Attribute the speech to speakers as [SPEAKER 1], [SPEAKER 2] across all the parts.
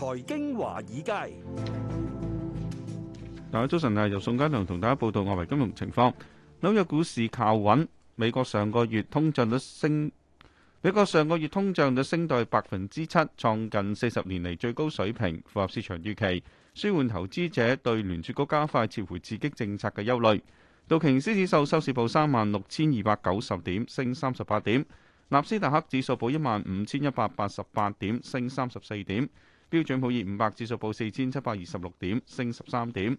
[SPEAKER 1] 財經華爾街，
[SPEAKER 2] 大家早晨啊！由宋嘉良同大家報道外圍金融情況。紐約股市靠穩，美國上個月通脹率升，美國上個月通脹率升到百分之七，創近四十年嚟最高水平，符合市場預期，舒緩投資者對聯儲局加快撤回刺激政策嘅憂慮。道瓊斯指數收市報三萬六千二百九十點，升三十八點；納斯達克指數報一萬五千一百八十八點，升三十四點。標準普爾五百指數報四千七百二十六點，升十三點。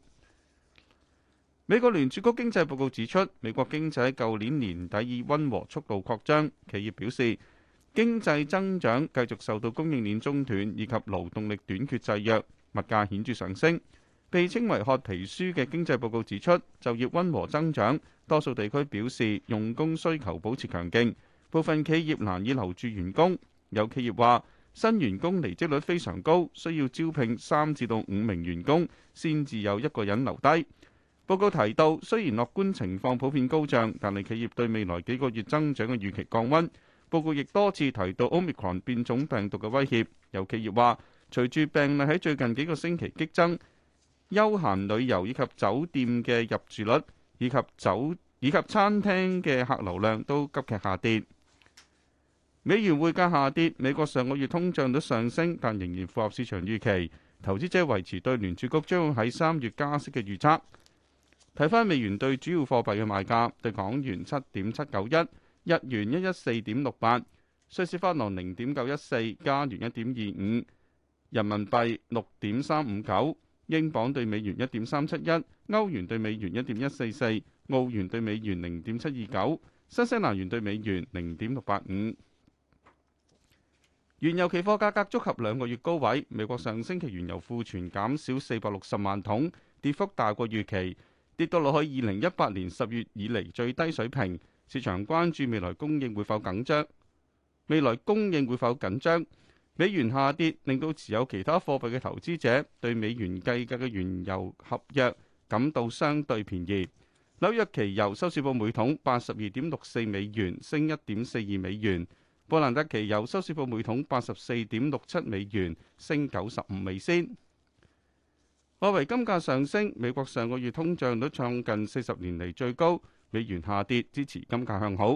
[SPEAKER 2] 美國聯儲局經濟報告指出，美國經濟喺舊年年底以溫和速度擴張。企業表示，經濟增長繼續受到供應鏈中斷以及勞動力短缺制約，物價顯著上升。被稱為褐皮書嘅經濟報告指出，就業溫和增長，多數地區表示用工需求保持強勁，部分企業難以留住員工。有企業話：新員工離職率非常高，需要招聘三至到五名員工，先至有一個人留低。報告提到，雖然樂觀情況普遍高漲，但係企業對未來幾個月增長嘅預期降溫。報告亦多次提到 Omicron 變種病毒嘅威脅。有企業話，隨住病例喺最近幾個星期激增，休閒旅遊以及酒店嘅入住率，以及酒以及餐廳嘅客流量都急劇下跌。美元匯價下跌，美國上個月通脹率上升，但仍然符合市場預期。投資者維持對聯儲局將會喺三月加息嘅預測。睇返美元對主要貨幣嘅賣價，對港元七點七九一，日元一一四點六八，瑞士法郎零點九一四，加元一點二五，人民幣六點三五九，英鎊對美元一點三七一，歐元對美元一點一四四，澳元對美元零點七二九，新西蘭元對美元零點六八五。原油期貨價格觸及兩個月高位，美國上星期原油庫存減少四百六十萬桶，跌幅大過預期，跌到落去二零一八年十月以嚟最低水平。市場關注未來供應會否緊張，未來供應會否緊張？美元下跌令到持有其他貨幣嘅投資者對美元計價嘅原油合約感到相對便宜。紐約期油收市報每桶八十二點六四美元，升一點四二美元。布蘭特期油收市報每桶八十四點六七美元，升九十五美仙。外圍金價上升，美國上個月通脹率創近四十年嚟最高，美元下跌支持金價向好。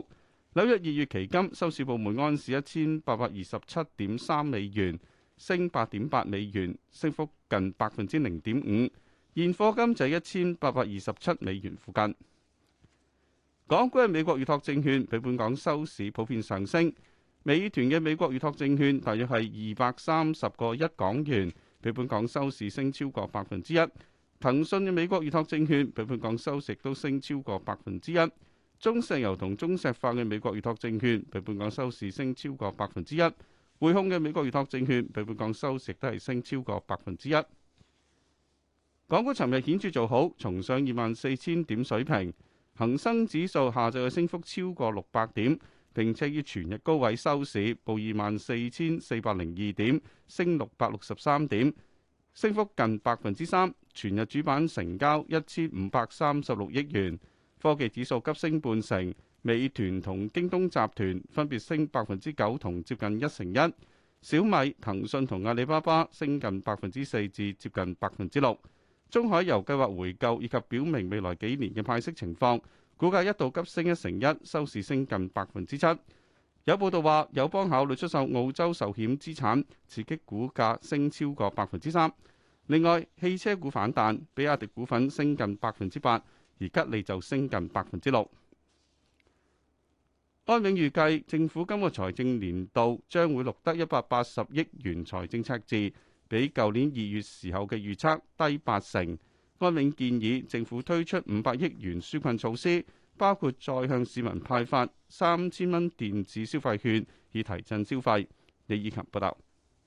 [SPEAKER 2] 紐約二月期金收市報每安士一千八百二十七點三美元，升八點八美元，升幅近百分之零點五。現貨金就喺一千八百二十七美元附近。港股係美國預託證券，比本港收市普遍上升。美團嘅美國預託證券大約係二百三十個一港元，比本港收市升超過百分之一。騰訊嘅美國預託證券比本港收市都升超過百分之一。中石油同中石化嘅美國預託證券比本港收市升超過百分之一。匯控嘅美國預託證券比本港收市都係升超過百分之一。港股尋日顯著做好，重上二萬四千點水平，恒生指數下晝嘅升幅超過六百點。並且於全日高位收市，報二萬四千四百零二點，升六百六十三點，升幅近百分之三。全日主板成交一千五百三十六億元，科技指數急升半成，美團同京東集團分別升百分之九同接近一成一，小米、騰訊同阿里巴巴升近百分之四至接近百分之六。中海油計劃回購以及表明未來幾年嘅派息情況。股價一度急升一成一，收市升近百分之七。有報道話友邦考慮出售澳洲壽險資產，刺激股價升超過百分之三。另外，汽車股反彈，比亞迪股份升近百分之八，而吉利就升近百分之六。安永預計政府今個財政年度將會錄得一百八十億元財政赤字，比舊年二月時候嘅預測低八成。安永建議政府推出五百億元紓困措施，包括再向市民派發三千蚊電子消費券，以提振消費。李以勤報道。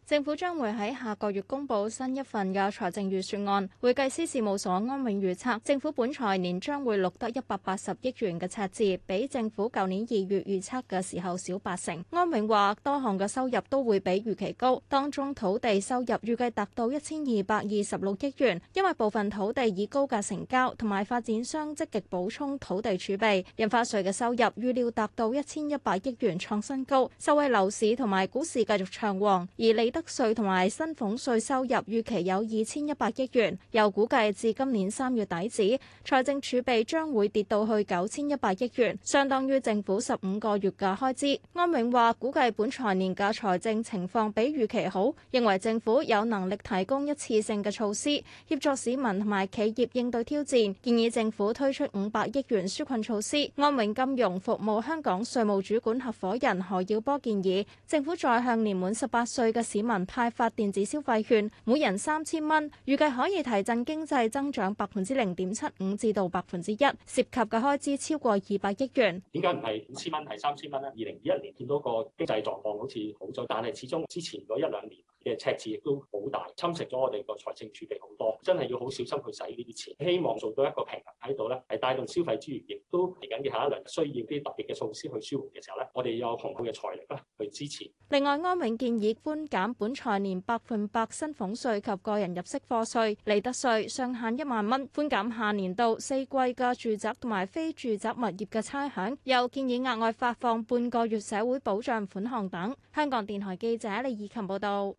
[SPEAKER 3] 政府將會喺下個月公布新一份嘅財政預算案。會計師事務所安永預測，政府本財年將會錄得一百八十億元嘅赤字，比政府舊年二月預測嘅時候少八成。安永話，多項嘅收入都會比預期高，當中土地收入預計達到一千二百二十六億元，因為部分土地以高價成交，同埋發展商積極補充，補充土地儲備。印花稅嘅收入預料達到一千一百億元，創新高，受惠樓市同埋股市繼續暢旺，而利得稅同埋薪俸稅收入預期有二千一百億元，又估計至今年三月底止，財政儲備將會跌到去九千一百億元，相當於政府十五個月嘅開支。安永話估計本財年嘅財政情況比預期好，認為政府有能力提供一次性嘅措施協助市民同埋企業應對挑戰，建議政府推出五百億元紓困措施。安永金融服務香港稅務主管合夥人何耀波建議，政府再向年滿十八歲嘅市民民派發電子消費券，每人三千蚊，預計可以提振經濟增長百分之零點七五至到百分之一，涉及嘅開支超過二百億元。
[SPEAKER 1] 點解唔係五千蚊係三千蚊呢？二零二一年見到個經濟狀況好似好咗，但係始終之前嗰一兩年嘅赤字亦都好大，侵蝕咗我哋個財政儲備好多，真係要好小心去使呢啲錢，希望做到一個平衡。喺度呢，係帶動消費資源，亦都嚟緊嘅下一輪需要啲特別嘅措施去舒緩嘅時候呢，我哋有雄厚嘅財力啦去
[SPEAKER 3] 支持。另外，安永建議寬減本財年百分百薪俸稅及個人入息課稅利得稅上限一萬蚊，寬減下年度四季嘅住宅同埋非住宅物業嘅差餉，又建議額外發放半個月社會保障款項等。香港電台記者李以琴報道。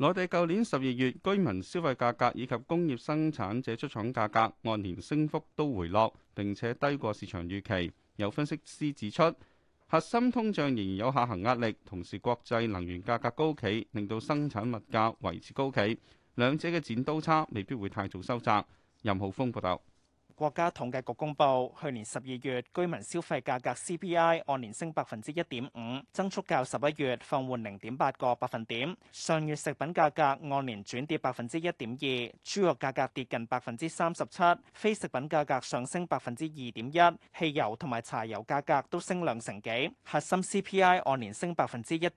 [SPEAKER 2] 內地舊年十二月居民消費價格以及工業生產者出廠價格按年升幅都回落，並且低過市場預期。有分析師指出，核心通脹仍然有下行壓力，同時國際能源價格高企，令到生產物價維持高企。兩者嘅剪刀差未必會太早收窄。任浩峰報道。
[SPEAKER 1] 國家統計局公佈，去年十二月居民消費價格 CPI 按年升百分之一點五，增速較十一月放緩零點八個百分點。上月食品價格按年轉跌百分之一點二，豬肉價格跌近百分之三十七，非食品價格上升百分之二點一，汽油同埋柴油價格都升兩成幾。核心 CPI 按年升百分之一點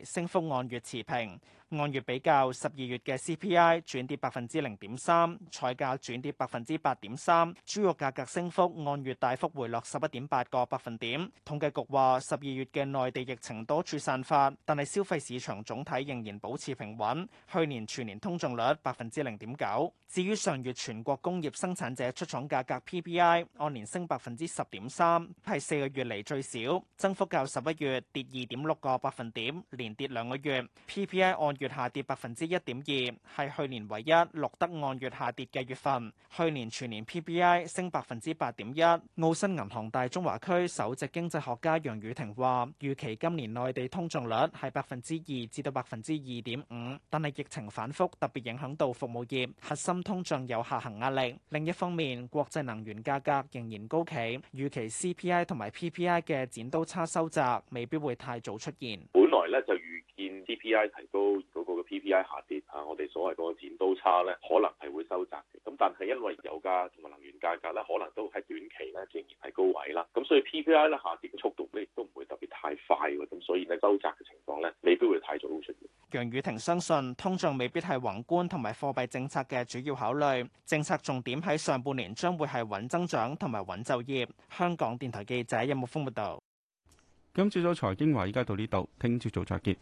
[SPEAKER 1] 二，升幅按月持平。按月比較，十二月嘅 CPI 轉跌百分之零點三，菜價轉跌百分之八點三，豬肉價格升幅按月大幅回落十一點八個百分點。統計局話，十二月嘅內地疫情多處散發，但係消費市場總體仍然保持平穩。去年全年通脹率百分之零點九。至於上月全國工業生產者出廠價格 PPI 按年升百分之十點三，係四個月嚟最少，增幅較十一月跌二點六個百分點，連跌兩個月。PPI 按月下跌百分之一點二，係去年唯一錄得按月下跌嘅月份。去年全年 PPI 升百分之八點一。澳新銀行大中華區首席經濟學家楊宇霆話，預期今年內地通脹率係百分之二至到百分之二點五，但係疫情反覆特別影響到服務業，核心通脹有下行壓力。另一方面，國際能源價格仍然高企，預期 CPI 同埋 PPI 嘅剪刀差收窄未必會太早出現。
[SPEAKER 2] 本來咧就預見 PPI 提高嗰個 PPI 下跌啊，我哋所謂嗰個剪刀差咧，可能係會收窄嘅。咁但係因為油價同埋能源價格咧，可能都喺短期咧仍然係高位啦。咁所以 PPI 咧下跌嘅速度咧，亦都唔會特別太快喎。咁所以咧收窄嘅情況咧，未必會太早會出現。
[SPEAKER 1] 楊雨婷相信通脹未必係宏觀同埋貨幣政策嘅主要考慮，政策重點喺上半年將會係穩增長同埋穩就業。香港電台記者任木峯報道。
[SPEAKER 2] 今朝早財經話，依家到呢度，聽朝早再見。